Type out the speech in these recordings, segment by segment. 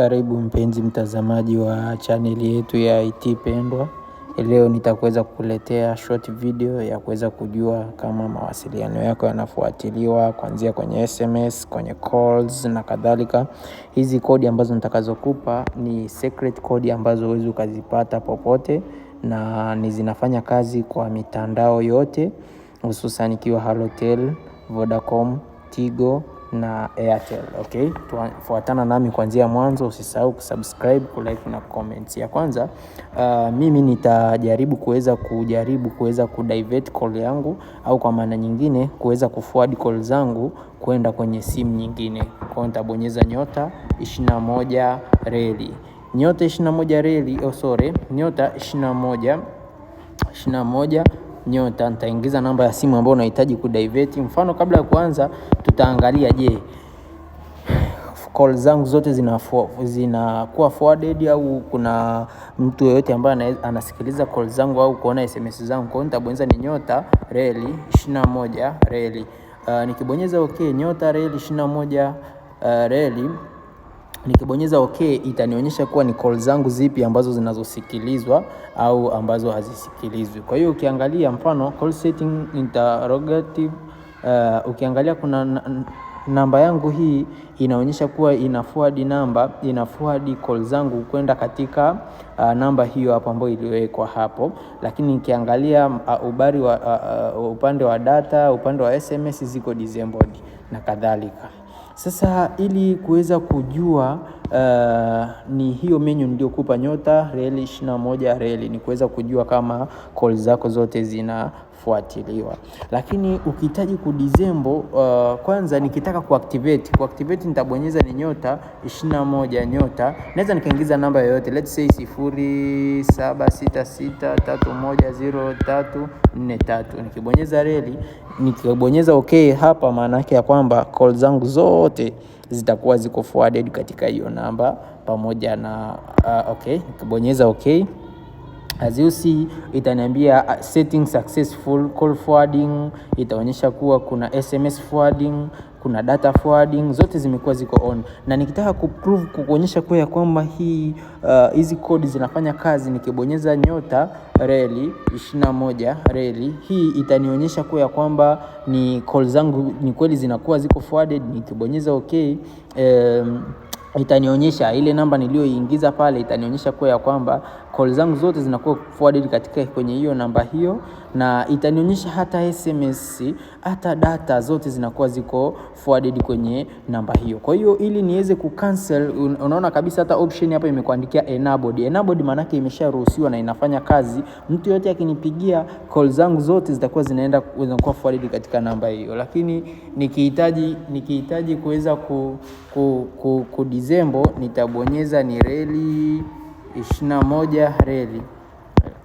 Karibu mpenzi mtazamaji wa chaneli yetu ya IT pendwa. Leo nitakuweza kukuletea short video ya kuweza kujua kama mawasiliano yako yanafuatiliwa kuanzia kwenye SMS, kwenye calls na kadhalika. Hizi kodi ambazo nitakazokupa ni secret kodi ambazo huwezi ukazipata popote, na ni zinafanya kazi kwa mitandao yote, hususan ikiwa Halotel, Vodacom, Tigo na Airtel. Okay, fuatana nami kuanzia mwanzo, usisahau kusubscribe, ku like na comment. Ya kwanza uh, mimi nitajaribu kuweza kujaribu kuweza ku divert call yangu au kwa maana nyingine kuweza ku forward call zangu kwenda kwenye simu nyingine. Kwa hiyo nitabonyeza nyota 21 reli nyota 21 reli oh, sorry nyota 21 21 nyota, nitaingiza namba ya simu ambayo unahitaji kudivert. Mfano, kabla ya kuanza, tutaangalia je, call zangu zote zinakuwa forwarded au kuna mtu yeyote ambaye anasikiliza call zangu au kuona SMS zangu. Kwa hiyo nitabonyeza ni nyota reli 21 reli. Uh, nikibonyeza okay, nyota reli 21 uh, ah, reli Nikibonyeza okay, itanionyesha kuwa ni call zangu zipi ambazo zinazosikilizwa au ambazo hazisikilizwi. Kwa hiyo ukiangalia mfano call setting interrogative, uh, ukiangalia kuna namba yangu hii inaonyesha kuwa ina forward namba, ina forward call zangu kwenda katika uh, namba hiyo hapo ambayo iliwekwa hapo. Lakini nikiangalia uh, ubari wa, uh, uh, upande wa data, upande wa SMS ziko disabled na kadhalika. Sasa ili kuweza kujua uh, ni hiyo menu niliyokupa nyota reli ishirini na moja reli ni kuweza kujua kama call zako zote zinafuatiliwa, lakini ukihitaji kudisembo uh, eh, kwanza nikitaka kuactivate kuactivate nitabonyeza ni nyota ishirini na moja nyota, naweza nikaingiza namba yoyote let's say sifuri saba sita sita tatu moja zero tatu nne tatu nikibonyeza reli nikibonyeza okay hapa maana yake ya kwamba call zangu zote zote zitakuwa ziko forwarded katika hiyo namba pamoja na uh, okay, nikibonyeza okay As you see itaniambia uh, setting successful, call forwarding, itaonyesha kuwa kuna SMS forwarding kuna data forwarding, zote zimekuwa ziko on, na nikitaka kuprove kuonyesha kwa kwamba hii uh, hizi uh, code zinafanya kazi, nikibonyeza nyota reli 21 reli hii itanionyesha kwa kwamba ni call zangu ni kweli zinakuwa ziko forwarded. Nikibonyeza okay, um, itanionyesha ile namba niliyoiingiza pale, itanionyesha kwa kwamba call zangu zote zinakuwa forwarded katika kwenye hiyo namba hiyo, na itanionyesha hata SMS hata data zote zinakuwa ziko forwarded kwenye namba hiyo. Kwa hiyo ili niweze ku cancel, unaona kabisa hata option hapa imekuandikia enabled. Enabled maana yake imesharuhusiwa na inafanya kazi, mtu yote akinipigia call zangu zote zitakuwa zinaenda zinakuwa forwarded katika namba hiyo, lakini nikihitaji nikihitaji kuweza ku, ku, ku, ku disable nitabonyeza ni reli 21 reli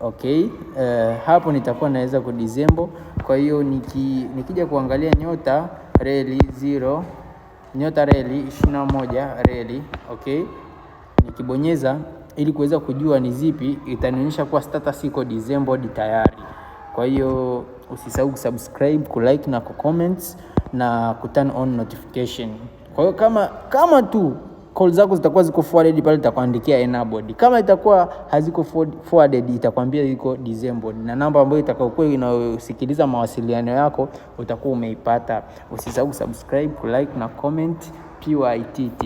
okay. Uh, hapo nitakuwa naweza kudisembo. Kwa hiyo niki, nikija kuangalia nyota reli 0 nyota reli 21 reli okay, nikibonyeza ili kuweza kujua ni zipi, itanionyesha kuwa status iko disembled tayari. Kwa hiyo usisahau kusubscribe, kulike na kucomment na kuturn on notification. Kwa hiyo kama kama tu call zako zitakuwa ziko forwarded pale, itakuandikia enabled. Kama itakuwa haziko forwarded, itakwambia iko disabled, na namba ambayo itakayokuwa inayosikiliza mawasiliano yako utakuwa umeipata. Usisahau subscribe, like na comment PYT.